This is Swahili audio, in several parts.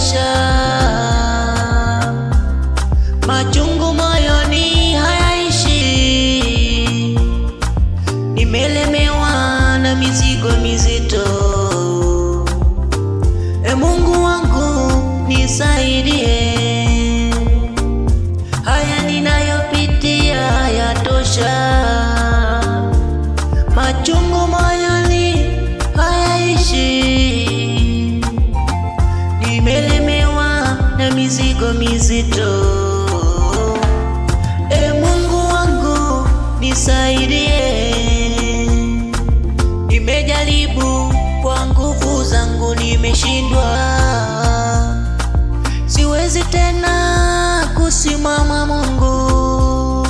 maisha. Machungu moyoni hayaishi, nimelemewa na mizigo mizito. E Mungu wangu nisaidie, haya ninayopitia yatosha. Machungu moyoni nzito. E Mungu wangu nisaidie, nimejaribu kwa nguvu zangu, nimeshindwa, siwezi tena kusimama. Mungu,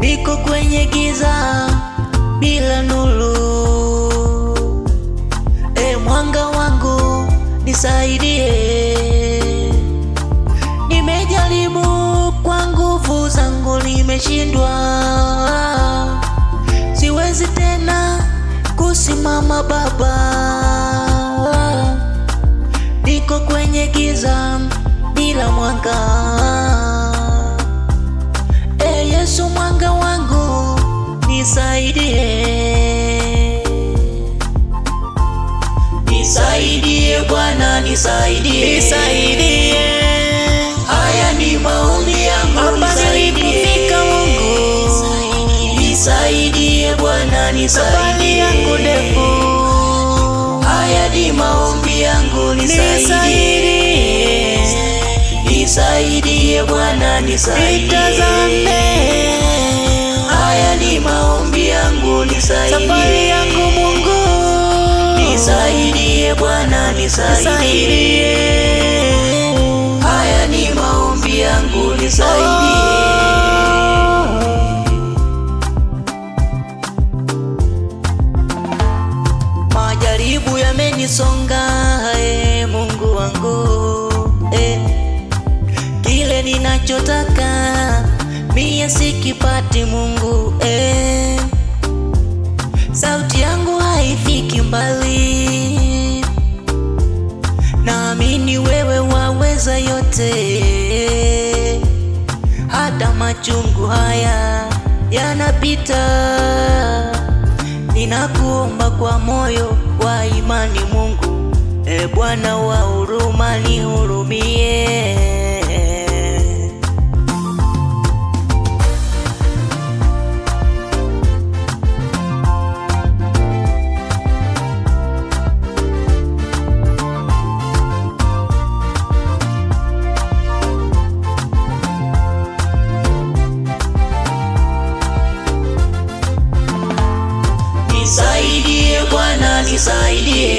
niko kwenye giza bila nuru, e mwanga wangu nisaidie kujaribu kwa nguvu zangu nimeshindwa, siwezi tena kusimama baba, niko kwenye giza bila mwanga. E Yesu, mwanga wangu nisaidie, nisaidie Bwana, nisaidie, nisaidie. Safari yangu ndefu, haya ni maombi yangu, nisaidie, nisaidie Bwana, nisaidie. Haya ni maombi yangu, nisaidie, safari yangu Mungu, nisaidie Bwana, nisaidie. Haya ni maombi yangu, nisaidie majibu yamenisonga e Mungu wangu e, kile ninachotaka mie sikipati Mungu e, sauti yangu haifiki mbali, naamini wewe waweza yote hata machungu haya yanapita, ninakuomba kwa moyo wa imani Mungu, e Bwana wa huruma nihurumie. nisaidie,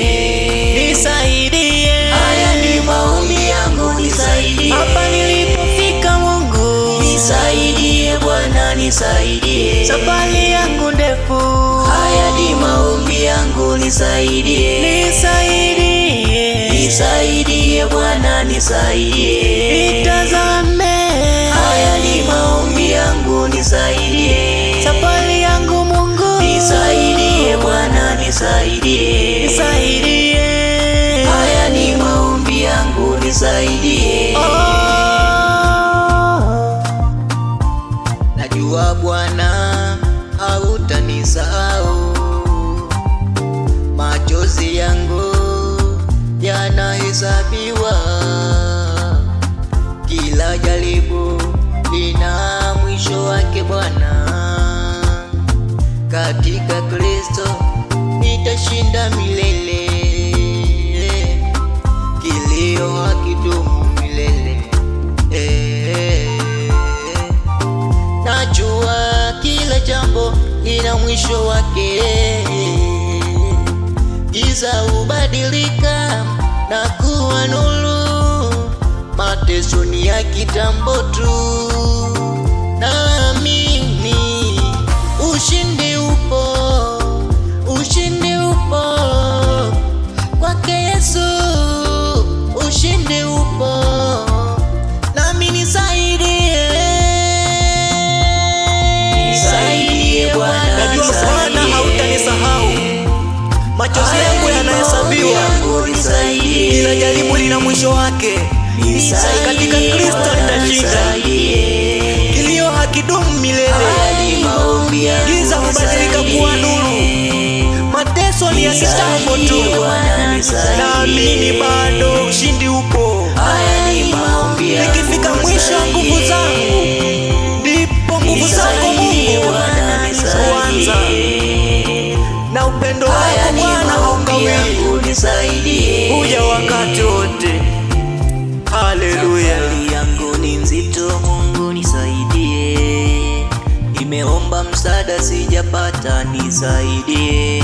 nisaidie, haya ni maombi yangu, nisaidie hapa nilipofika, Mungu nisaidie, Bwana nisaidie, safari yangu ndefu, haya ni maombi yangu, nisaidie, nisaidie, nisaidie, Bwana nisaidie, nitazame, haya ni maombi yangu, nisaidie nisaidie, nisaidie. Haya ni maombi yangu, nisaidie oh. Najua Bwana hautanisahau, machozi yangu yanahesabiwa, kila jaribu lina mwisho wake Bwana katika Kristo utashinda milele, kilio hakidumu milele. Najua kila jambo ina mwisho wake, giza hubadilika na kuwa nuru, mateso ni ya kitambo tu. machozi yangu yanahesabiwa, kila jaribu lina mwisho wake. Katika Kristo nitashinda. Kilio hakidumu milele, giza hubadilika kuwa nuru. Mateso ni ya kitambo tu, naamini bado ushindi upo. Nikifika mwisho nisaidie, uja wakati wote. Haleluya, safari yangu ni nzito, Mungu nisaidie, nimeomba msaada sijapata, nisaidie,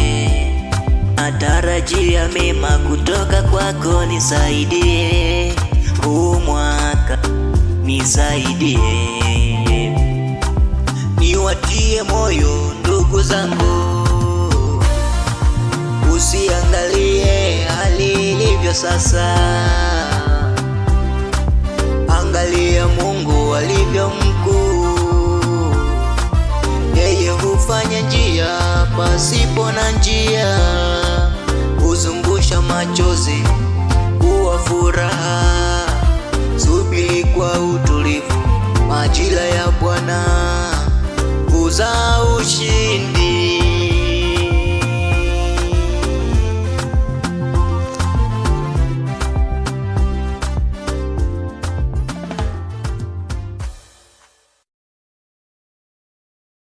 natarajia mema kutoka kwako, nisaidie huu mwaka, nisaidie, niwatie moyo ndugu zangu Usiangalie hali ilivyo sasa, angalia Mungu alivyo mkuu. Yeye hufanya njia pasipo na njia, huzungusha machozi kuwa furaha. Subiri kwa utulivu, majira ya Bwana huzaa ushindi.